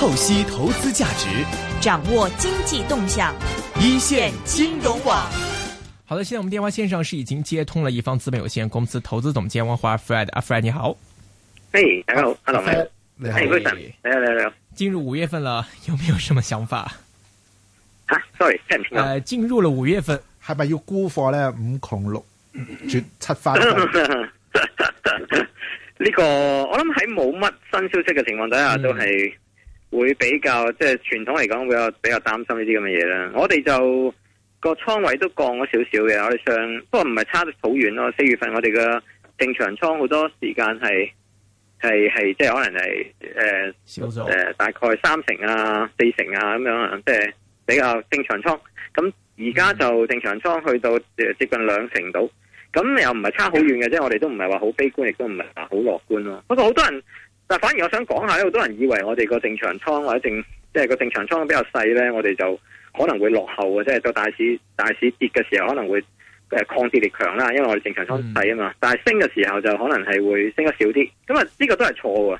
透析投資價值，掌握經濟動向，一綫金融網。好的，現在我們電話綫上是已經接通了。一方資本有限公司投資總監王華，Fred，阿、啊、Fred 你好。大家好，Hello，你好，你好，你好。進入五月份了，有沒有什麼想法？哈、ah?，Sorry，停呃，進入了五月份，係 咪要沽貨咧？五、窮六、絕七番？呢 番、okay? 這個我諗喺冇乜新消息嘅情況底下，都係。嗯會比較即係傳統嚟講，會比較比較擔心呢啲咁嘅嘢啦。我哋就個倉位都降咗少少嘅。我哋上不過唔係差得好遠咯。四月份我哋嘅正常倉好多時間係係係即係可能係誒少咗誒大概三成啊四成啊咁樣，即係比較正常倉。咁而家就正常倉去到接近兩成度，咁又唔係差好遠嘅，即係我哋都唔係話好悲觀，亦都唔係話好樂觀咯。不過好多人。但反而我想講下咧，好多人以為我哋個正常倉或者正即係個正常倉比較細咧，我哋就可能會落後嘅，即係到大市大市跌嘅時候可能會抗跌力強啦，因為我哋正常倉細啊嘛。但係升嘅時候就可能係會升得少啲。咁、這、啊、個，呢個都係錯嘅，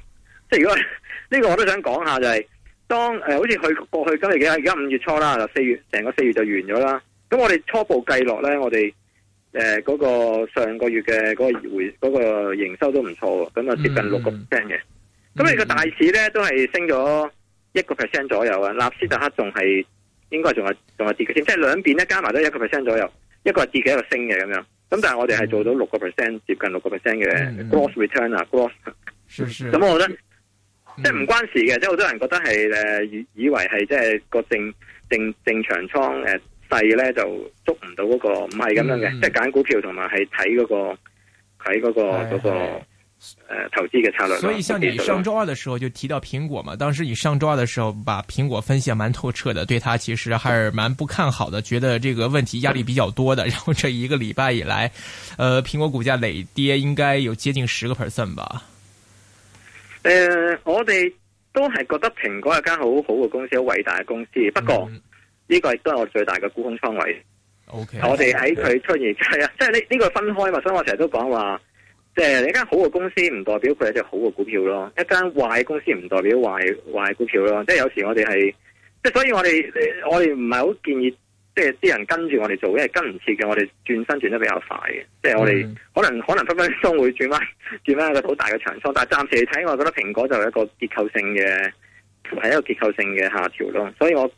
即係如果呢、這個我都想講下就係、是、當、呃、好似去過去，去今日幾日，而家五月初啦，就四月成個四月就完咗啦。咁我哋初步計落咧，我哋誒嗰個上個月嘅嗰個回嗰、那個營收都唔錯，咁啊接近六個 percent 嘅。嗯嗯咁、嗯嗯、你個大市咧都係升咗一個 percent 左右啊，納斯達克仲係應該仲係仲係跌嘅先，即係兩邊咧加埋都一個 percent 左右，一個係跌嘅，一個升嘅咁樣。咁但係我哋係做到六個 percent，接近六個 percent 嘅 gross return 啊、嗯嗯，gross, return, gross 是是。嗯、是不是？咁我覺得即係唔關事嘅，即係好多人覺得係誒以，以為係即係個正正正長倉誒細咧就捉唔到嗰、那個，唔係咁樣嘅、嗯，即係揀股票同埋係睇嗰個睇個個。誒，投資嘅策略。所以，像你上周二嘅時候就提到蘋果嘛，當時你上周二嘅時候把蘋果分析蠻透徹的，對它其實還是蠻不看好的，覺得這個問題壓力比較多的。然後，這一個禮拜以來，呃蘋果股價累跌應該有接近十個 percent 吧。誒、呃，我哋都係覺得蘋果係間好好嘅公司，好偉大嘅公司。不過呢、嗯呢個亦都係我最大嘅沽空倉位。O、okay, K，我哋喺佢出現係啊，即係呢呢個分開嘛，所以我成日都講話。即係一間好嘅公司，唔代表佢係一隻好嘅股票咯。一間壞公司，唔代表壞壞股票咯。即係有時我哋係，即係所以我哋我哋唔係好建議，即係啲人跟住我哋做，因為跟唔切嘅。我哋轉身轉得比較快嘅，即係我哋可能、mm. 可能可能分分鐘會轉翻轉翻一個好大嘅長倉。但係暫時嚟睇，我係覺得蘋果就係一個結構性嘅，係一個結構性嘅下調咯。所以我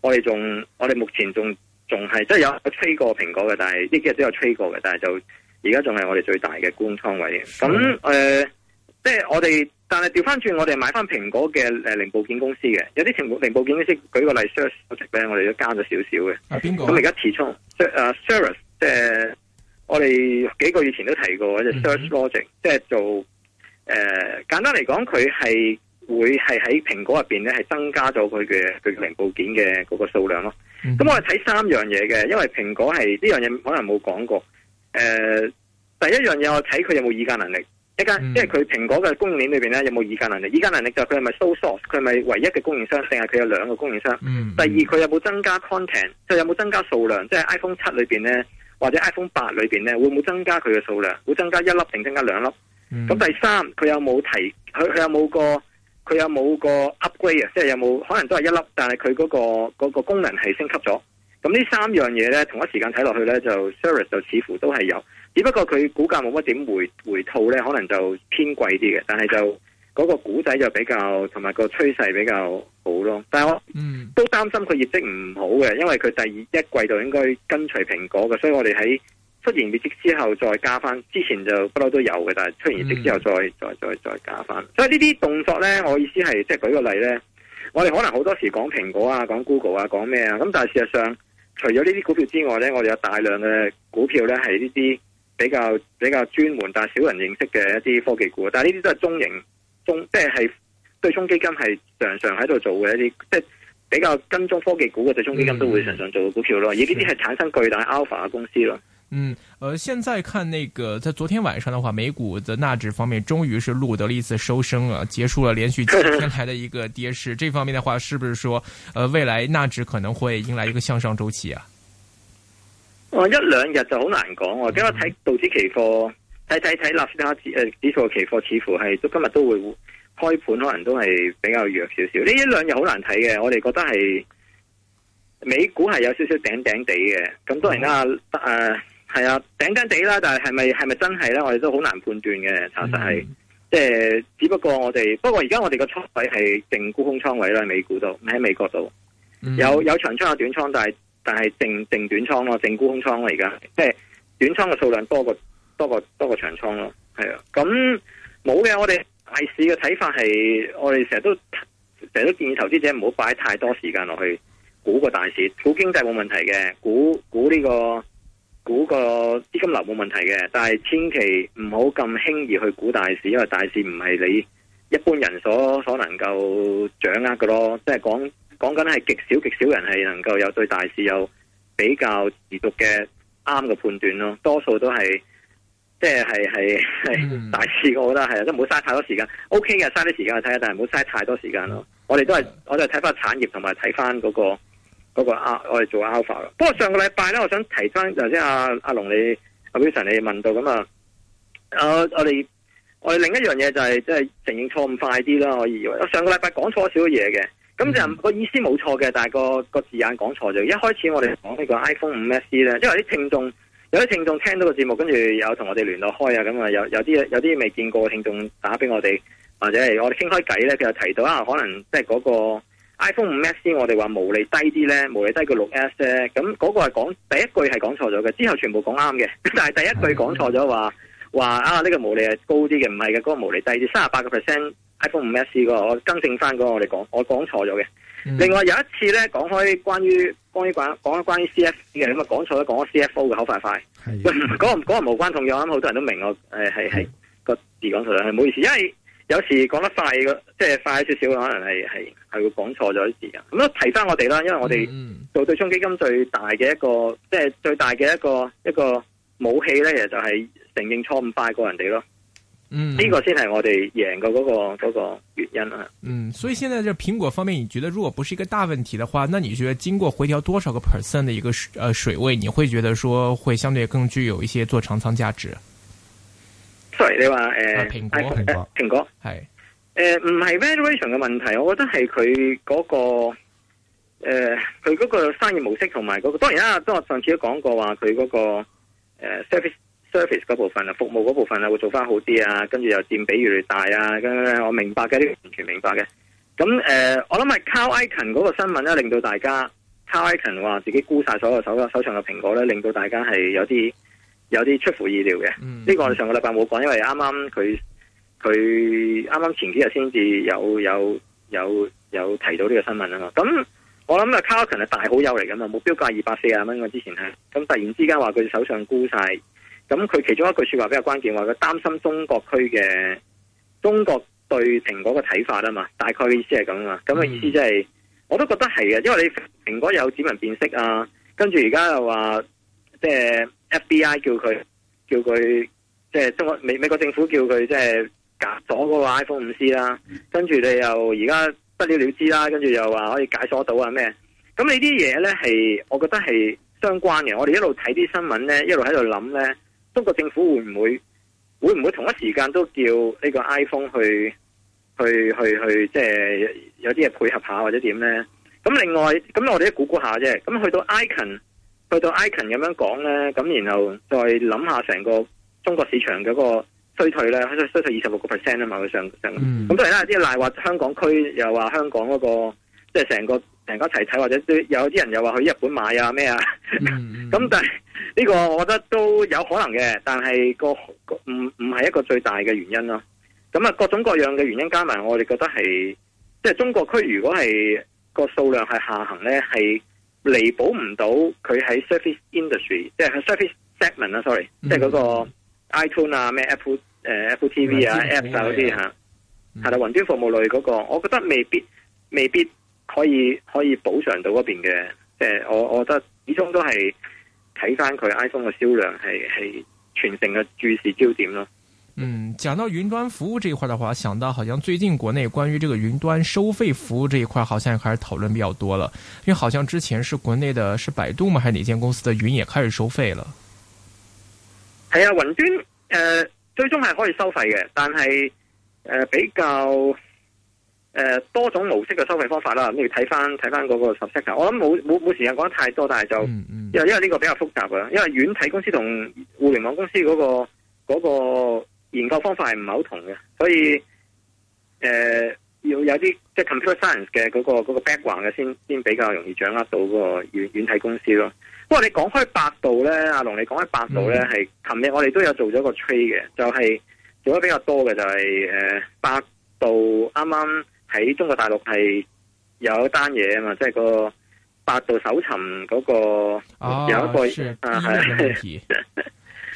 我哋仲我哋目前仲仲係即係有吹過蘋果嘅，但係呢幾日都有吹過嘅，但係就。而家仲係我哋最大嘅官倉位咁誒，即係我哋，但係掉翻轉，我哋買翻蘋果嘅誒零部件公司嘅，有啲情零部件公司，公司舉個例 Cirrus 咧，我哋都加咗少少嘅。咁而家持倉 Cirrus 誒，Cirrus，即係我哋幾個月前都提過嘅，就 Cirrus Logic，即係做誒、呃，簡單嚟講，佢係會係喺蘋果入邊咧，係增加咗佢嘅佢零部件嘅嗰個數量咯。咁我哋睇三樣嘢嘅，因為蘋果係呢樣嘢可能冇講過。誒、呃，第一樣嘢我睇佢有冇議價能力，議價、嗯，即係佢蘋果嘅供應鏈裏邊咧有冇議價能力？議價能力就係佢係咪 sole source，佢係咪唯一嘅供應商，定係佢有兩個供應商？嗯、第二佢有冇增加 content，即係有冇增加數量？即、就、係、是、iPhone 七裏邊咧，或者 iPhone 八裏邊咧，會冇增加佢嘅數量？會增加一粒定增加兩粒？咁、嗯、第三佢有冇提，佢佢有冇個，佢有冇個 upgrade，即係有冇可能都係一粒，但係佢嗰個、嗰個功能係升級咗？咁呢三樣嘢呢，同一時間睇落去呢，就 service 就似乎都係有，只不過佢股價冇乜點回回吐呢，可能就偏貴啲嘅。但係就嗰、嗰個股仔就比較同埋個趨勢比較好咯。但係我、嗯、都擔心佢業績唔好嘅，因為佢第二一季度應該跟隨蘋果嘅，所以我哋喺出現業績之後再加翻。之前就不嬲都有嘅，但係出現業績之後再再再再加翻、嗯。所以呢啲動作呢，我意思係即係舉個例呢，我哋可能好多時講蘋果啊、講 Google 啊、講咩啊，咁但係事實上。除咗呢啲股票之外呢，我哋有大量嘅股票呢，係呢啲比較比較專門，但係少人認識嘅一啲科技股，但係呢啲都係中型中，即係對沖基金係常常喺度做嘅一啲，即係比較跟蹤科技股嘅對沖基金都會常常做嘅股票咯，嗯，而呢啲係產生巨大 alpha 嘅公司咯。嗯，呃現在看那個，在昨天晚上的話，美股的納指方面，終於是錄得了一次收升啊，結束了連續幾天來的一個跌勢。 這方面的話，是不是說，呃未來納指可能會迎來一個向上周期啊？我一兩日就好難講，哦，今日睇道指期貨，睇睇睇納斯達指誒指數期貨，似乎係都今日都會開盤，可能都係比較弱少少。呢一兩日好難睇嘅，我哋覺得係美股係有少少頂頂地嘅，咁當然啦，誒、嗯。呃係啊，頂緊地啦，但係係咪係咪真係咧？我哋都好難判斷嘅。查實係，即、嗯、係只不過我哋，不過而家我哋個倉位係定沽空倉位啦，喺美股度，喺美國度、嗯、有有長倉有短倉，但係但係定定短倉咯，定沽空倉啦而家，即係短倉嘅數量多過多過多過長倉咯。係啊，咁冇嘅，我哋大市嘅睇法係，我哋成日都成日都建議投資者唔好擺太多時間落去估個大市，估經濟冇問題嘅，估估呢個。估個資金流冇問題嘅，但係千祈唔好咁輕易去估大市，因為大市唔係你一般人所所能夠掌握嘅咯。即係講講緊係極少極少人係能夠有對大市有比較持續嘅啱嘅判斷咯。多數都係即係係係大市的，我覺得係即係唔好嘥太多時間。O K 嘅，嘥啲時間去睇下。但係唔好嘥太多時間咯。我哋都係我都係睇翻產業同埋睇翻嗰個。嗰個啊，我哋做 alpha 啦。不過上個禮拜咧，我想提翻頭先阿阿龍你阿 Wilson 你問到咁啊，誒、嗯、我哋我哋另一樣嘢就係即係承認錯誤快啲啦。我以為我上個禮拜講錯少少嘢嘅，咁就個意思冇錯嘅，但係個個字眼講錯咗。一開始我哋講呢個 iPhone 五 SE 咧，因為啲聽眾有啲聽眾聽到個節目，跟住有同我哋聯絡開啊，咁、嗯、啊有有啲有啲未見過嘅聽眾打俾我哋，或者我哋傾開偈咧，佢又提到啊，可能即係嗰、嗰個。iPhone 五 S 我哋話毛利低啲咧，毛利低過六 S 咧，咁嗰個係講第一句係講錯咗嘅，之後全部講啱嘅，但係第一句講錯咗話話啊呢、這個毛利係高啲嘅，唔係嘅，嗰、那個毛利低啲，三十八個 percent iPhone 五 S 個我更正翻、那、嗰個我哋講我講錯咗嘅。另外有一次咧講開關於關於關講關於 CF 嘅咁啊講錯咗講 CFO 嘅口快快，講講唔無關痛癢，好多人都明我誒係係個字講錯咗，係、哎、唔好意思，因為。有時講得快嘅，即係快少少，可能係係係會講錯咗啲字啊。咁啊，提翻我哋啦，因為我哋做對沖基金最大嘅一個，嗯，即係最大嘅一個一個武器咧，其實就係承認錯誤快過人哋咯。嗯，呢個先係我哋贏嘅嗰個嗰個原因啦。嗯，所以現在就蘋果方面，你覺得如果不是一個大問題嘅話，那你覺得經過回調多少個 percent 的一個水呃水位，你會覺得說會相對更具有一些做長倉價值？sorry 你話誒蘋果蘋果蘋、呃、果係誒唔係 valuation 嘅問題，我覺得係佢嗰個誒佢嗰個商業模式同埋嗰個，當然啦，當我上次都講過話佢嗰個誒 service service 嗰部分啊，服務嗰部分啊，會做翻好啲啊，跟住又佔比越嚟越大啊，咁樣咧，我明白嘅，呢個完全明白嘅。咁誒、呃，我諗係 Carl Icon 嗰個新聞咧，令到大家 Carl Icon 話自己沽晒所有手手上嘅蘋果咧，令到大家係有啲。有啲出乎意料嘅，嗯，呢個我哋上個禮拜冇講，因為啱啱佢佢啱啱前幾日先至有有有有提到呢個新聞啊嘛。咁我諗啊 Carl Icahn 係大好友嚟噶嘛，目標價二百四十蚊。我之前咧，咁突然之間話佢手上沽晒，咁佢其中一句說話比較關鍵，話佢擔心中國區嘅中國對蘋果嘅睇法啊嘛。大概嘅意思係咁啊，咁，嗯，咁嘅意思即係，我都覺得係啊，因為你蘋果有指紋辨識啊，跟住而家又話即係。FBI 叫佢，叫佢，即係中國美美國政府叫佢，即係夾咗嗰個 iPhone 五 C 啦。跟住你又而家不了了之啦，跟住又話可以解鎖到啊咩？咁你啲嘢呢，係，我覺得係相關嘅。我哋一路睇啲新聞呢，一路喺度諗呢，中國政府會唔會會唔會同一時間都叫呢個 iPhone 去去去去，即係有啲嘢配合下或者點呢？咁另外，咁我哋都估估下啫。咁去到 Icon。去到 Icon 咁樣講咧，咁然後再諗下成個中國市場嗰個衰退咧，衰退二十六個 percent 啊嘛，佢上上，咁當然啦，啲賴話香港區又話香港嗰、嗰個，即係成個成家齊睇，或者有啲人又話去日本買啊咩啊，咁、嗯嗯、 但係呢、呢個我覺得都有可能嘅，但係個唔唔係一個最大嘅原因咯。咁啊，各種各樣嘅原因加埋，我哋覺得係即係中國區如果係個數量係下行咧，係。彌補唔到佢喺 service industry，即係 service segment 啊 sorry，嗯、即係嗰個 iTunes 啊，咩 Apple 誒、啊、TV、嗯、啊，Apps 啊嗰啲吓，係、啊、啦，雲、嗯啊、端服務類嗰、那個，我覺得未必未必可以可以補償到嗰邊嘅，即係我我覺得始終都係睇翻佢 iPhone 嘅銷量係係全城嘅注視焦點咯。嗯，講到雲端服務這一塊的話，想到好像最近國內關於這個雲端收費服務這一塊，好像開始討論比較多了，因為好像之前是國內的，是百度嘛，還是哪間公司的雲也開始收費了？係、嗯、啊，雲端誒，最終係可以收費嘅，但係誒比較誒多種模式嘅收費方法啦，你要睇翻睇翻嗰個 statistics。我諗冇冇時間講得太多，但係就因為因為呢個比較複雜嘅，因為軟體公司同互聯網公司嗰個嗰個。研究方法係唔係好同嘅，所以誒、呃、要有啲即係 computer science 嘅嗰、那個 background 嘅先先比較容易掌握到個軟軟體公司咯。不過你講開百度咧，阿龍你講開百度咧係，琴日我哋都有做咗個 trade 嘅，就係、是、做得比較多嘅就係、是、誒、呃、百度啱啱喺中國大陸係有一單嘢啊嘛，即、就、係、是、個百度搜尋嗰個，有一個、oh，啊，是啊係。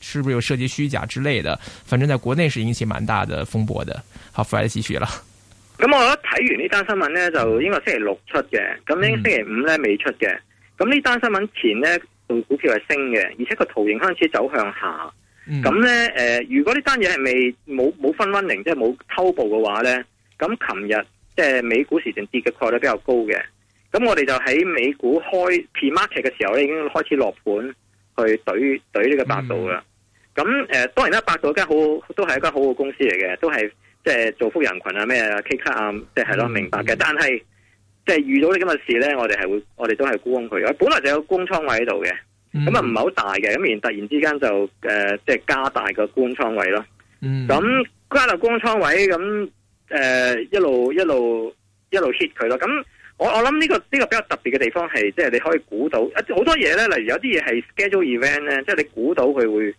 是不是有涉及虛假之類的？反正在國內是引起蠻大的風波的。好，Fred 繼續啦。咁我一睇完呢單新聞呢，就應該星期六出嘅。咁、嗯、應該星期五呢未出嘅。咁呢單新聞前呢，股票係升嘅，而且個圖形開始走向下。咁、嗯、呢，誒、呃，如果呢單嘢係未冇冇分 warning 即係冇偷步嘅話呢，咁琴日即係美股時段跌嘅概率比較高嘅。咁我哋就喺美股開 P market 嘅時候咧，已經開始落盤去懟懟呢個百度啦。嗯咁誒、呃，當然啦，百度間好都係一間好好公司嚟嘅，都係即係造福人群啊，咩啊，K 卡啊，即係咯，就是、明白嘅、嗯。但係即係遇到這呢咁嘅事咧，我哋係會，我哋都係沽空佢，我本來就有沽倉位喺度嘅，咁啊唔係好大嘅，咁然突然之間就誒、即、呃、係、就是、加大個沽倉位咯。咁、嗯、加大沽倉位，咁誒、呃、一路一路一路 hit 佢咯。咁我我諗呢、呢個呢、呢個比較特別嘅地方係，即、就、係、是、你可以估到，好、呃、多嘢咧，例如有啲嘢係 schedule event 咧，即、就、係、是、你估到佢會。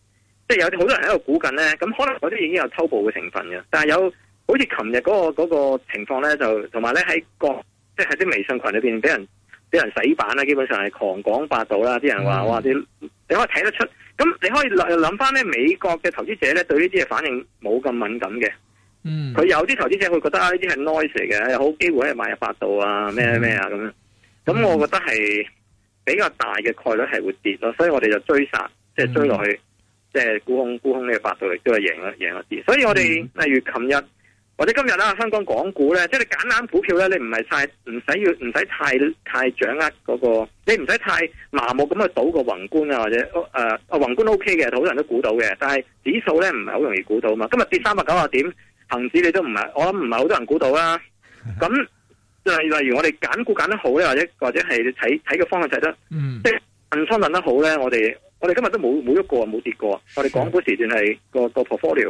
即係有啲好多人喺度估緊咧，咁可能嗰啲已經有偷步嘅成分嘅。但係有好似琴日嗰個、嗰個情況咧，就同埋咧喺國，即係喺啲微信群裏邊俾人俾人洗版啦，基本上係狂講百度啦，啲人話、嗯、哇，你你可以睇得出。咁你可以諗翻咧，美國嘅投資者咧對呢啲嘢反應冇咁敏感嘅。嗯，佢有啲投資者會覺得呢啲係 noise 嚟嘅，有好機會喺買入百度啊，咩咩啊咁樣。咁、嗯、我覺得係比較大嘅概率係會跌咯，所以我哋就追殺，即、就、係、是、追落去。嗯即係沽空，沽空呢嘅幅度亦都係贏一贏一啲。所以我哋例如琴日或者今日啦、啊，香港港股咧，即、就、係、是、你揀啱股票咧，你唔係太唔使要唔使太太掌握嗰、那個，你唔使太麻木咁去賭個宏觀啊，或者誒、呃、宏觀 OK 嘅，好多人都估到嘅。但係指數咧，唔係好容易估到嘛。今日跌三百九啊點，恒指你都唔係，我諗唔係好多人估到啦。咁即係例如我哋揀股揀得好咧，或者或者係睇睇嘅方向睇得、嗯、即係分析得好咧，我哋。我哋今日都冇冇喐過冇跌過，我哋港股時段係個個 portfolio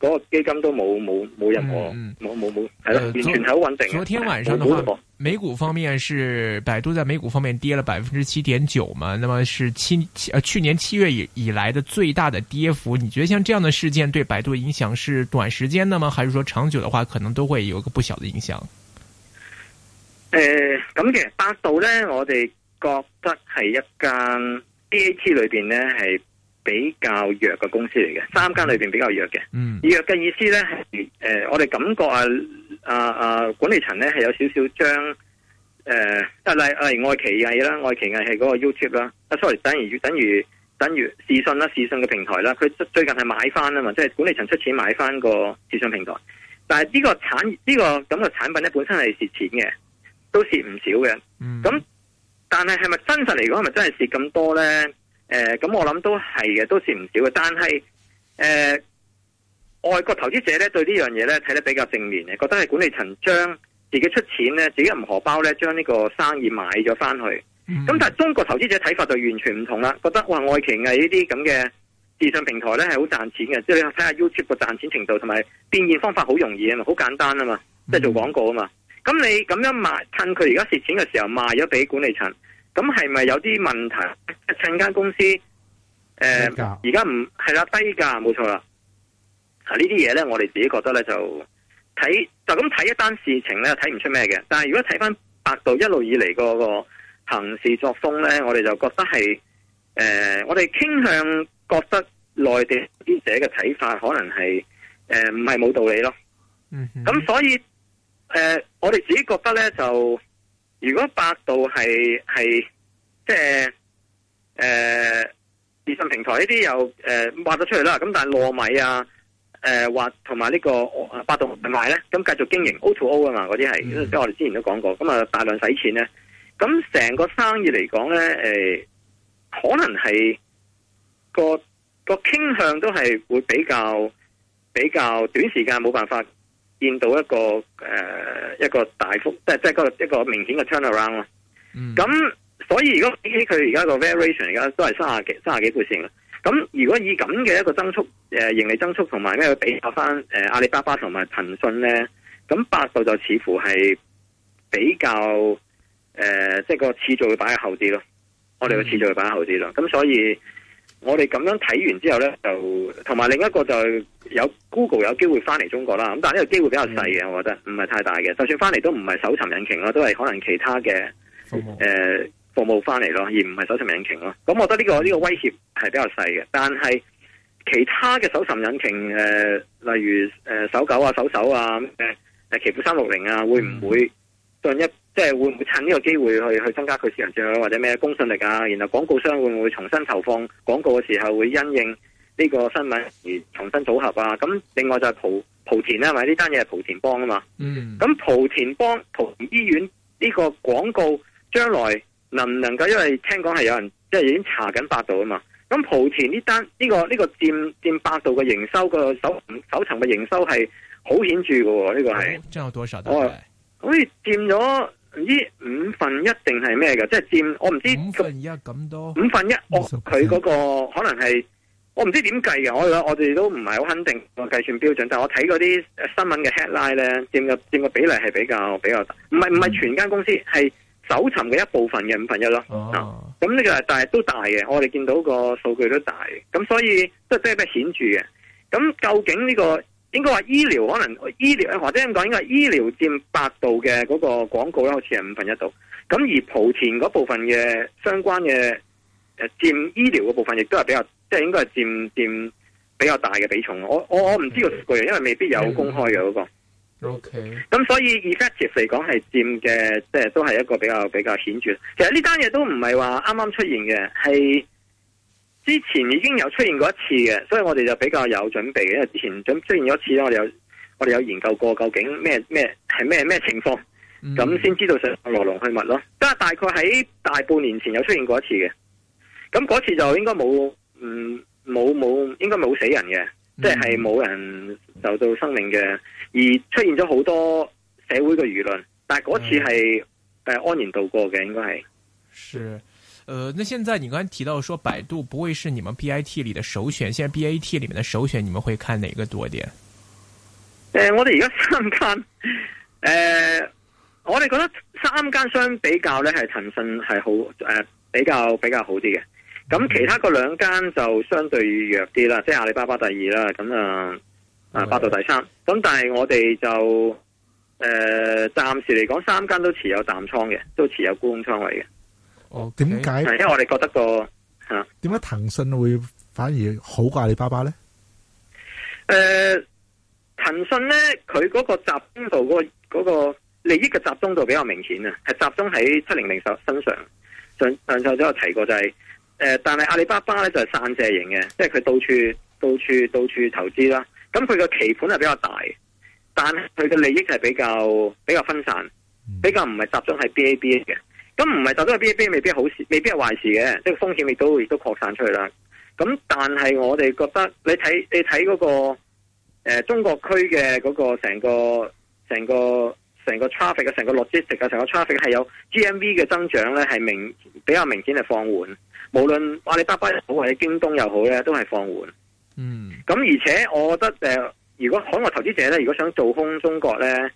嗰個，個基金都冇冇冇任何冇冇冇係咯，完全係好穩定。昨、呃、天晚上嘅話沒沒，美股方面是百度在美股方面跌了百分之七點九嘛，那麼是七,七、呃、去年七月以以來嘅最大的跌幅。你覺得像這樣嘅事件對百度影響是短時間的嗎？還是說長久嘅話可能都會有一個不小嘅影響？誒、uh, 嗯，咁其實百度咧，我哋覺得係一間。BAT 裏邊咧係比較弱嘅公司嚟嘅，三間裏邊比較弱嘅、嗯。弱嘅意思咧係誒，我哋感覺啊啊啊管理層咧係有少少將誒、啊，例如例愛奇藝啦，愛奇藝係嗰個 YouTube 啦、啊，啊 sorry，等於等於等於視訊啦，視訊嘅平台啦，佢最近係買翻啊嘛，即係管理層出錢買翻個視訊平台，但係呢個產呢、呢個咁嘅產品咧本身係蝕錢嘅，都蝕唔少嘅，咁、嗯。但係係咪真實嚟講，係咪真係蝕咁多呢？誒、呃，咁我諗都係嘅，都蝕唔少嘅。但係誒、呃，外國投資者咧對呢樣嘢咧睇得比較正面嘅，覺得係管理層將自己出錢咧，自己唔荷包咧，將呢個生意買咗翻去。咁、嗯、但係中國投資者睇法就完全唔同啦，覺得哇，愛奇藝呢啲咁嘅視像平台咧係好賺錢嘅，即係你睇下 YouTube 嘅賺錢程度同埋變現方法好容易啊嘛，好簡單啊嘛，即係做廣告啊嘛。咁你咁樣賣，趁佢而家蝕錢嘅時候賣咗俾管理層，咁係咪有啲問題？趁間公司誒，而家唔係啦，低價冇錯啦。啊，這些呢啲嘢咧，我哋自己覺得咧就睇就咁睇一單事情咧，睇唔出咩嘅。但係如果睇翻百度一路以嚟嗰個行事作風咧，我哋就覺得係誒、呃，我哋傾向覺得內地啲者嘅睇法可能係誒唔係冇道理咯。嗯，咁所以。誒、呃，我哋自己覺得咧，就如果百度係係即係誒電信平台呢啲又誒、呃、挖咗出嚟啦，咁但係糯米啊，誒話同埋呢個百度係咪咧？咁、啊、繼續經營 O to O 啊嘛，啲係即係我哋之前都講過，咁啊大量使錢咧，咁成個生意嚟講咧，誒、呃、可能係個個傾向都係會比較比較短時間冇辦法。見到一個誒、呃、一個大幅，即係即係一個一個明顯嘅 turnaround 咯。咁、嗯、所以如果佢而家個 variation 而家都係卅幾卅幾倍線咁如果以咁嘅一個增速誒、呃、盈利增速同埋咩比較翻誒、呃、阿里巴巴同埋騰訊咧，咁百度就似乎係比較誒即係個次序會擺喺後啲咯、嗯，我哋個次序會擺喺後啲咯，咁所以。我哋咁樣睇完之後呢，就同埋另一個就有 Google 有機會翻嚟中國啦。咁但係呢個機會比較細嘅，我覺得唔係太大嘅。就算翻嚟都唔係搜尋引擎咯，都係可能其他嘅誒服務翻嚟、呃、咯，而唔係搜尋引擎咯。咁我覺得呢、呢個呢、呢個威脅係比較細嘅。但係其他嘅搜尋引擎誒、呃，例如誒搜、呃、狗啊、搜搜啊、誒誒奇虎三六零啊，會唔會？嗯對，一即係會唔會趁呢個機會去去增加佢市場佔有率或者咩公信力啊？然後廣告商會唔會重新投放廣告嘅時候會因應呢個新聞而重新組合啊？咁另外就係莆莆田啦，係咪，呢單嘢係莆田幫啊嘛。嗯。咁莆田幫莆田醫院呢個廣告將來能唔能夠？因為聽講係有人即係、就是、已經查緊百度啊嘛。咁莆田呢單呢、這個呢、這個佔佔百度嘅營收、這個首首層嘅營收係好顯著嘅、啊，呢、這個係真有多少？對。好似佔咗唔知，五分，一即佔我唔知五分一，定係咩嘅？即係佔我唔知咁多五分一，我佢嗰個可能係我唔知點計嘅。我我哋都唔係好肯定個計算標準，但係我睇嗰啲新聞嘅 headline 咧，佔嘅佔嘅比例係比較比較大。唔係唔係全間公司係，嗯、搜尋嘅一部分嘅五分一咯。咁、啊、呢、啊、個但係都大嘅。我哋見到個數據都大，咁所以都都有啲顯著嘅。咁究竟呢、這個？應該話醫療可能醫療，或者點講，應該話醫療佔百度嘅嗰個廣告咧，好似係五分一度。咁而莆田嗰部分嘅相關嘅誒佔醫療嘅部分，亦都係比較即係應該係佔佔比較大嘅比重。我我我唔知道個數據，因為未必有公開嘅嗰個。O K。咁所以 effective 嚟講係佔嘅，即係都係一個比較比較顯著。其實呢單嘢都唔係話啱啱出現嘅，係。之前已經有出現過一次嘅，所以我哋就比較有準備嘅，因為之前準出現咗一次，我哋有我哋有研究過究竟咩咩係咩咩情況，咁、嗯、先知道上來龍去脈咯。即係大概喺大半年前有出現過一次嘅，咁嗰次就應該冇，嗯冇冇，應該冇死人嘅，即係冇人受到生命嘅，而出現咗好多社會嘅輿論。但係嗰次係誒、嗯、安然度過嘅，應該係。是。誒、呃，那現在你剛才提到說百度不會是你們 B I T 裏的首選，現在 B A T 裏面的首選，你們會看哪個多啲？誒、呃，我哋而家三間，誒、呃，我哋覺得三間相比較咧，係騰訊係好誒、呃，比較比較好啲嘅。咁其他嗰兩間就相對於弱啲啦，即係阿里巴巴第二啦，咁啊啊，okay. 百度第三。咁但係我哋就誒、呃，暫時嚟講三間都持有淡倉嘅，都持有沽空倉位嘅。哦，點解？因為我哋覺得個點解騰訊會反而好過阿里巴巴咧？誒、呃，騰訊咧，佢嗰個集中度，嗰、嗰個個利益嘅集中度比較明顯啊，係集中喺七零零十身上。上上晝都有提過，就是，就係誒，但係阿里巴巴咧就係散借型嘅，即係佢到處到處到處投資啦。咁佢個期盤係比較大，但係佢嘅利益係比較比較分散，比較唔係集中喺 BABA 嘅。咁唔係就都係邊 b 未必好事，未必係壞事嘅，即係風險亦都亦都擴散出去啦。咁但係我哋覺得你睇你睇嗰、嗰個、呃、中國區嘅嗰個成個成個成個 traffic 嘅成個 logistic 啊，成個 traffic 係有 GMV 嘅增長咧，係明比較明顯係放緩。無論阿里巴巴好或者京東又好咧，都係放緩。嗯。咁而且我覺得、呃、如果海外投資者咧，如果想做空中國咧。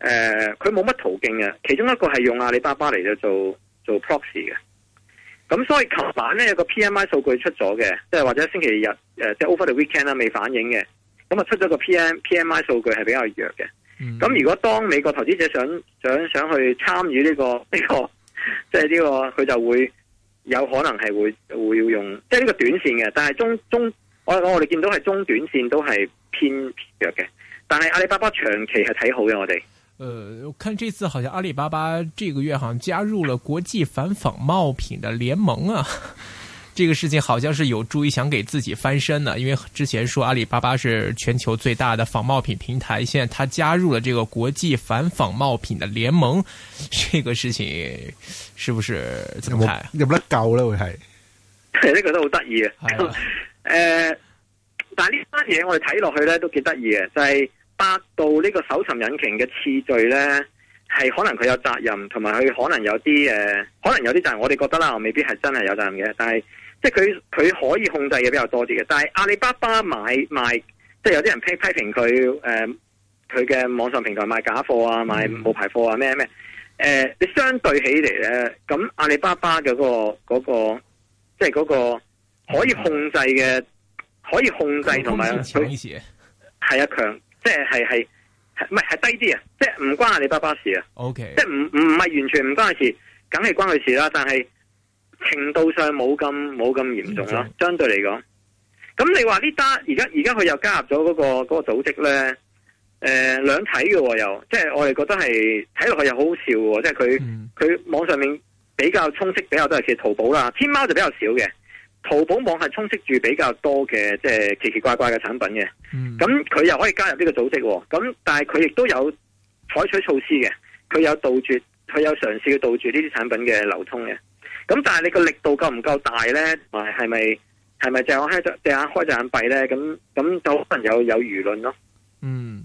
誒、呃，佢冇乜途徑嘅，其中一個係用阿里巴巴嚟,做做 proxy 嘅，咁所以琴晚咧有個 PMI 數據出咗嘅，即係或者星期日誒、呃，即係 over the weekend 啦，未反映嘅，咁啊出咗個 PM、PMI 數據係比較弱嘅，咁、嗯、如果當美國投資者想想想去參與呢個呢個，即係呢個佢、就是這個、就會有可能係會會要用，即係呢個短線嘅，但係中中我我我哋見到係中短線都係偏、偏弱嘅，但係阿里巴巴長期係睇好嘅，我哋。呃，我看這次好像阿里巴巴這個月好像加入了國際反仿冒品的聯盟啊，這個事情好像是有助於想給自己翻身的，因為之前說阿里巴巴是全球最大的仿冒品平台，現在他加入了這個國際反仿冒品的聯盟，這個事情是不是怎麼？又不得高了？還，我覺得好得意啊！呃，但呢單嘢我哋睇落去呢，都幾得意嘅，就係、是。百度呢個搜尋引擎嘅次序呢，係可能佢有責任，同埋佢可能有啲誒、呃，可能有啲責任我哋覺得啦，我未必係真係有責任嘅。但係即係佢佢可以控制嘅比較多啲嘅。但係阿里巴巴買賣，即係有啲人批批評佢誒，佢、呃、嘅網上平台賣假貨啊，賣、嗯、冇牌貨啊，咩咩誒，你相對起嚟呢，咁阿里巴巴嘅、嗰個嗰、嗰個即係嗰個可以控制嘅，可以控制同埋佢係一強。嗯嗯即係係係係係低啲啊！即係唔關阿里巴巴事啊。O、okay. K，即係唔唔係完全唔關佢事，梗係關佢事啦。但係程度上冇咁冇咁嚴重咯。相、嗯、對嚟講，咁你話呢單而家而家佢又加入咗嗰個嗰個組織咧？誒、呃，兩睇嘅又，即係我哋覺得係睇落去又好好笑嘅，即係佢佢網上面比較充斥比較多係其實淘寶啦，天貓就比較少嘅。淘寶網係充斥住比較多嘅，即係奇奇怪怪嘅產品嘅，咁、嗯、佢又可以加入呢個組織，咁但係佢亦都有採取措施嘅，佢有杜絕，佢有嘗試去杜絕呢啲產品嘅流通嘅，咁但係你個力度夠唔夠大咧？或係咪係咪就開隻眼，即刻開隻眼閉咧？咁咁就可能有有輿論咯。嗯。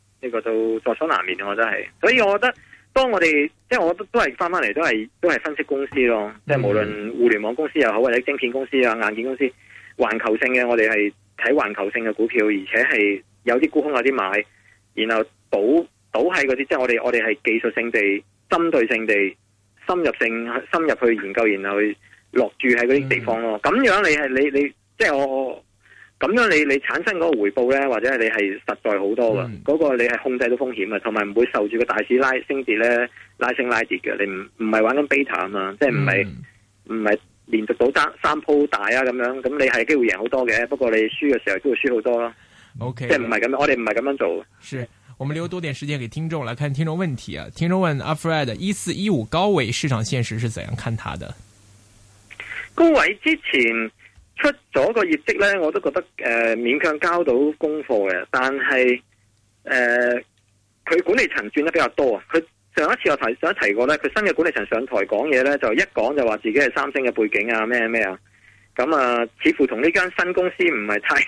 呢個都在所難免，我真係，所以我覺得當我哋即係，我都都係翻翻嚟，都係都係分析公司咯。即係無論互聯網公司又好，或者晶片公司啊、硬件公司，環球性嘅，我哋係睇環球性嘅股票，而且係有啲沽空，有啲買，然後倒倒喺嗰啲，即係我哋我哋係技術性地、針對性地、深入性深入去研究，然後去落注喺嗰啲地方咯。咁樣你係你你，即係我。咁樣你你產生嗰個回報咧，或者你係實在好多嘅，嗰、嗯那個你係控制到風險嘅，同埋唔會受住個大市拉升跌咧拉升拉跌嘅，你唔唔係玩緊 beta 啊嘛，即係唔係唔係連續到三三鋪大啊咁樣，咁你係機會贏好多嘅，不過你輸嘅時候都會輸好多咯。O、okay, K，即係唔係咁，樣、嗯、我哋唔係咁樣做。是我們留多點時間給聽眾，來看聽眾問題啊。聽眾問阿 Fred 一四一五高位市場現實是怎樣看他的？高位之前。出咗個業績呢，我都覺得誒、呃、勉強交到功課嘅。但係誒，佢、呃、管理層轉得比較多啊。佢上一次我提上一提過呢，佢新嘅管理層上台講嘢呢，就一講就話自己係三星嘅背景啊，咩咩啊。咁啊，似乎同呢間新公司唔係太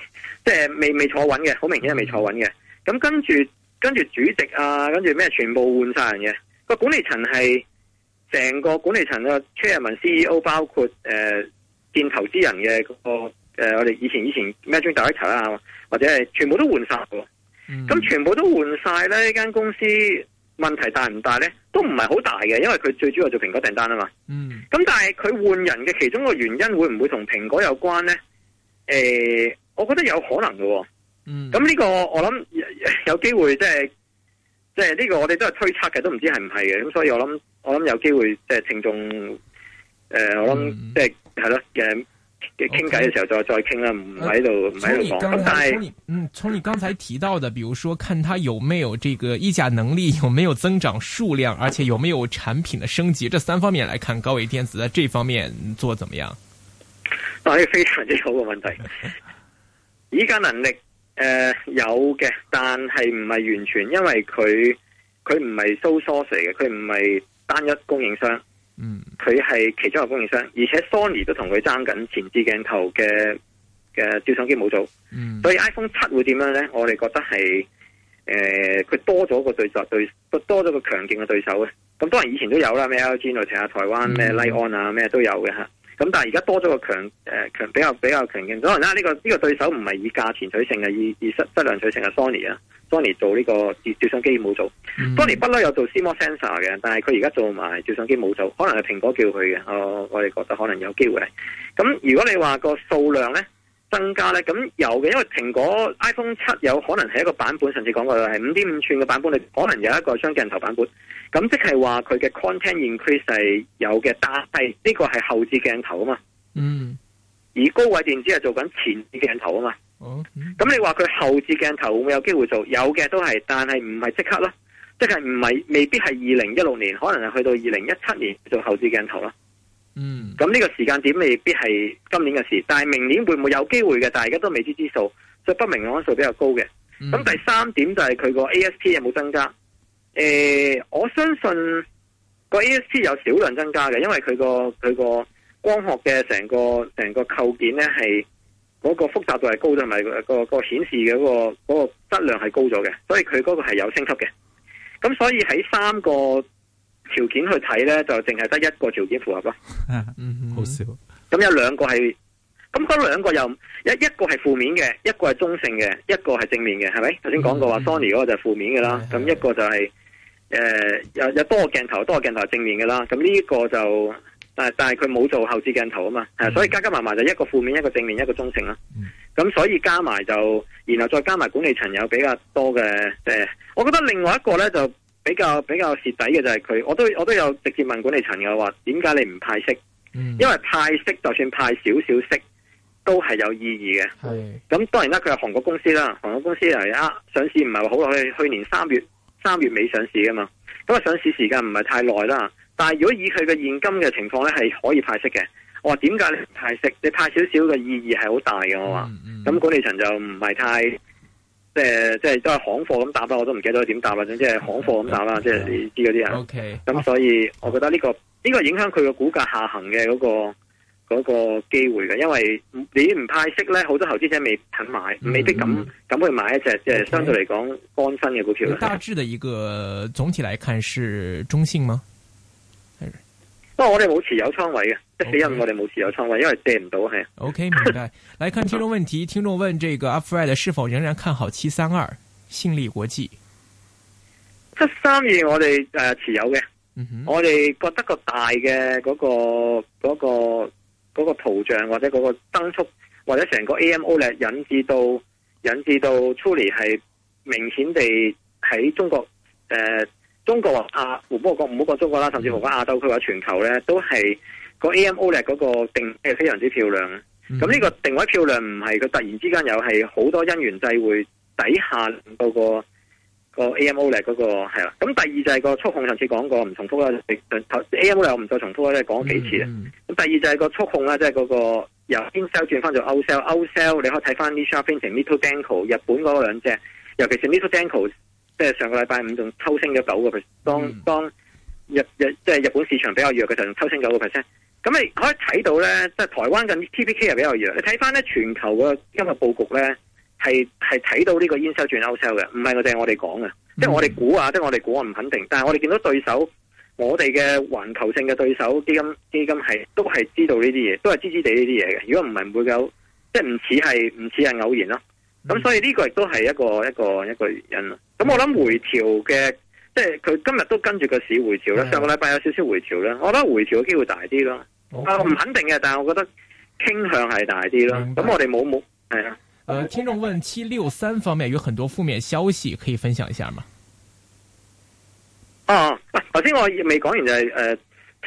即係未未坐穩嘅，好明顯係未坐穩嘅。咁跟住跟住主席啊，跟住咩全部換晒人嘅。管理層整個管理層係成個管理層嘅 chairman、C E O，包括誒。呃見投資人嘅嗰、那個誒、呃，我哋以前以前咩中打一齊啦，或者係全部都換晒咁、嗯、全部都換晒咧，呢間公司問題大唔大咧？都唔係好大嘅，因為佢最主要做蘋果訂單啊嘛。咁、嗯、但係佢換人嘅其中個原因，會唔會同蘋果有關咧？誒、呃，我覺得有可能嘅、哦。咁、嗯、呢個我諗有有機會、就是，即係即係呢個我哋都係推測嘅，都唔知係唔係嘅。咁所以我諗我諗有機會就是重，即係聽眾誒，我諗即係。嗯係咯，誒，傾偈嘅時候再、okay. 再傾啦，唔喺度唔喺度講。咁、啊、但係，嗯，從你剛才提到的，比如說，看他有沒有這個議價能力，有沒有增長數量，而且有沒有產品的升級，這三方面來看，高偉電子在這方面做得怎麼樣？啊，非常之好嘅問題。議 家能力誒、呃、有嘅，但係唔係完全，因為佢佢唔係 sole source 嘅，佢唔係單一供應商。嗯，佢係其中一個供應商，而且 Sony 就同佢爭緊前置鏡頭嘅嘅照相機模組，嗯，所以 iPhone 七會點樣咧？我哋覺得係誒，佢、呃、多咗個對手對，多咗個強勁嘅對手啊！咁當然以前都有啦，咩 LG 內除啊，台灣咩 Lighton 啊，咩、嗯、都有嘅吓。咁但係而家多咗個強誒強比較比較強勁，可能啦呢個呢個對手唔係以價錢取勝嘅，以以質質量取勝嘅 Sony 啊，Sony 做呢個照相機冇做，Sony 不嬲有做 CMOS 嘅，但係佢而家做埋照相機冇做，可能係蘋果叫佢嘅，我我哋覺得可能有機會咧。咁如果你話個數量咧增加咧，咁有嘅，因為蘋果 iPhone 七有可能係一個版本，上次講過係五點五寸嘅版本，你可能有一個雙鏡頭版本。咁即係話佢嘅 content increase 係有嘅，但係呢個係後置鏡頭啊嘛。嗯。而高位電子係做緊前置鏡頭啊嘛。哦。嗯。咁你話佢後置鏡頭會唔會有機會做？有嘅都係，但係唔係即刻咯。即係唔係未必係二零一六年，可能係去到二零一七年做後置鏡頭咯。嗯。咁呢個時間點未必係今年嘅事，但係明年會唔會有機會嘅？但係而家都未知之數，所以不明朗係數比較高嘅。嗯。咁第三點就係佢個 ASP 有冇增加？誒、欸，我相信個 A.S.T 有少量增加嘅，因為佢個佢個光學嘅成個成個構件咧係嗰個複雜度係高咗，咪、嗰個、嗰個顯示嘅嗰、嗰個嗰、嗰個質量係高咗嘅，所以佢嗰個係有升級嘅。咁所以喺三個條件去睇咧，就淨係得一個條件符合咯、 嗯。嗯，好少。咁有兩個係，咁嗰兩個又一一個係負面嘅，一個係中性嘅，一個係正面嘅，係咪？頭先講過話 Sony 嗰個就係負面嘅啦，咁、嗯、一個就係、是。誒、呃，有有多個鏡頭，多個鏡頭係正面嘅啦。咁呢個就，但係但係佢冇做後置鏡頭啊嘛、嗯，所以加加埋埋就一個負面，一個正面，一個中性啦。咁、嗯、所以加埋就，然後再加埋管理層有比較多嘅誒、呃，我覺得另外一個咧就比較比較蝕底嘅就係佢，我都我都有直接問管理層嘅話，點解你唔派息、嗯？因為派息就算派少少息，都係有意義嘅。咁當然啦，佢係韓國公司啦，韓國公司又而家上市唔係好好耐，去年三月。三月尾上市啊嘛，咁啊上市時間唔係太耐啦，但係如果以佢嘅現金嘅情況咧，係可以派息嘅。我話點解你唔派息？你派少少嘅意義係好大嘅。我話，咁、嗯嗯、管理層就唔係太，即係即係都係行貨咁答啦，我都唔記得佢點答啦，即、就、係、是、行貨咁答啦，即、嗯、係、就是嗯就是、你知嗰啲人。咁、okay, okay. 所以，我覺得呢、這個呢、這個影響佢嘅股價下行嘅嗰、那個。嗰、那個機會嘅，因為你唔派息咧，好多投資者未肯買，未必敢、嗯嗯、敢去買一隻即係相對嚟講安身嘅股票啦。Okay, 大致的一個總體嚟看是中性嗎？不、哦，我哋冇持有倉位嘅，即、okay, 係因我哋冇持有倉位，因為借唔到啊。O、okay, K，明白。嚟 看聽眾問題，聽眾問這個 Fred 是否仍然看好七三二信利國際？七三二我哋誒、呃、持有嘅、嗯，我哋覺得個大嘅嗰個個。那個那個嗰、那個圖像或者嗰個增速或者成個 AMOLED 咧引致到引致到 Truly 係明顯地喺中國、呃、中國亞胡、啊、不過唔好講中國啦，甚至乎講亞洲區或者全球咧，都係個 AMOLED 咧嗰個定誒非常之漂亮。咁、嗯、呢個定位漂亮唔係佢突然之間又係好多因緣際會底下嗰個。那個 AMO 咧嗰個係啦，咁第二就係個速、嗯、觸控，上次講過，唔重複啦。AMO 我唔再重複啦，即係講幾次啦。咁第二就係個觸控啦，即係嗰個由 in sell 轉翻做 out sell，out sell 你可以睇翻 Nishio Printing、Nitto Denko 日本嗰兩隻，尤其是 Nitto Denko 即係上個禮拜五仲抽升咗九個 percent。當當日日即係、就是、日本市場比較弱嘅時候，抽升九個 percent。咁你可以睇到咧，即、就、係、是、台灣嘅 TPK 係比較弱。你睇翻咧全球嘅今日佈局咧。係係睇到呢個 in sell 轉 out sell 嘅，唔係我淨係我哋講嘅。即係我哋估啊，即係我哋估、啊，我唔肯定、啊。但係我哋見到對手，我哋嘅環球性嘅對手基金基金係都係知道呢啲嘢，都係知知地呢啲嘢嘅。如果唔係，唔會有，即係唔似係唔似係偶然咯、啊。咁、嗯、所以呢個亦都係一個一個一個原因。咁我諗回調嘅，即係佢今日都跟住個市回調啦。上個禮拜有少少回調啦，我覺得回調嘅機會大啲咯。啊、okay，唔肯定嘅，但係我覺得傾向係大啲咯。咁我哋冇冇係啊。誒、呃，聽眾問七六三方面有很多負面消息，可以分享一下嗎？哦、啊，頭先我未講完就係誒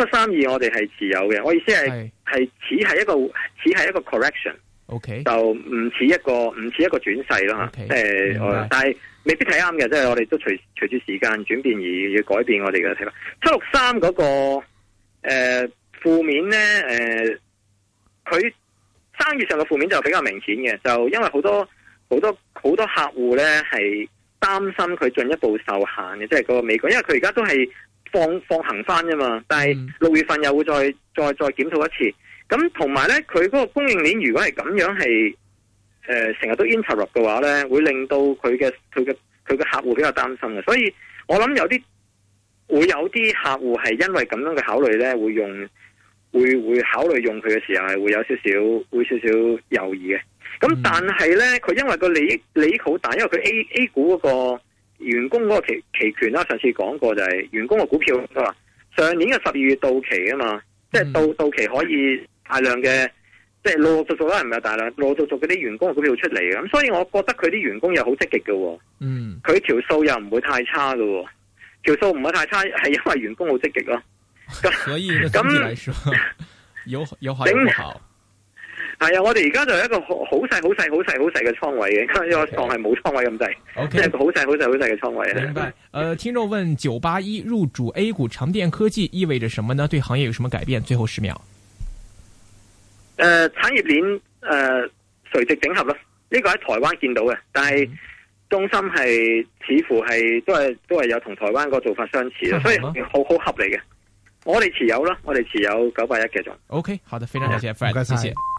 七三二，呃、我哋係持有嘅。我意思係係似係一個似係一個 correction，OK，、okay. 就唔似一個唔似一個轉勢啦吓。誒、okay. 呃，但係未必睇啱嘅，即、就、係、是、我哋都隨隨住時間轉變而要改變我哋嘅睇法。七六三嗰個誒負、呃、面咧，誒、呃、佢。生意上嘅負面就比較明顯嘅，就因為好多好多好多客戶呢係擔心佢進一步受限嘅，即係個美國，因為佢而家都係放放行翻啫嘛，但係六月份又會再再再檢討一次，咁同埋呢，佢嗰個供應鏈如果係咁樣係誒成日都 interrupt 嘅話呢，會令到佢嘅佢嘅佢嘅客戶比較擔心嘅，所以我諗有啲會有啲客戶係因為咁樣嘅考慮呢會用。會會考慮用佢嘅時候係會有少會有少會有少少猶豫嘅，咁、嗯、但係咧佢因為個利益利益好大，因為佢 A A 股嗰個員工嗰個期期權啦，上次講過就係員工嘅股票佢話，上年嘅十二月到期啊嘛，嗯、即係到到期可以大量嘅，即係陸陸續續都唔係大量陸陸續續嗰啲員工嘅股票出嚟，咁所以我覺得佢啲員工又好積極嘅，嗯，佢條數又唔會太差嘅，條數唔會太差係因為員工好積極咯。咁所 以咁嚟說，有，有好有唔好係啊！我哋而家就係一個好細、好細、好細、好細嘅倉位嘅，因為我放係冇倉位咁滯，即係個好細、好細、好細嘅倉位咧。明白。誒、呃，聽眾問：九八一入主 A 股長電科技意味着什麼呢？對行業有什麼改變？最後十秒。誒、呃，產業鏈誒、呃、垂直整合咯，呢、這個喺台灣見到嘅，但係中芯係似乎係都係都係有同台灣個做法相似、嗯、所以好好合理嘅。我哋持有啦，我哋持有九百一嘅。OK，好的，的，非常感謝，唔該，謝謝。謝謝。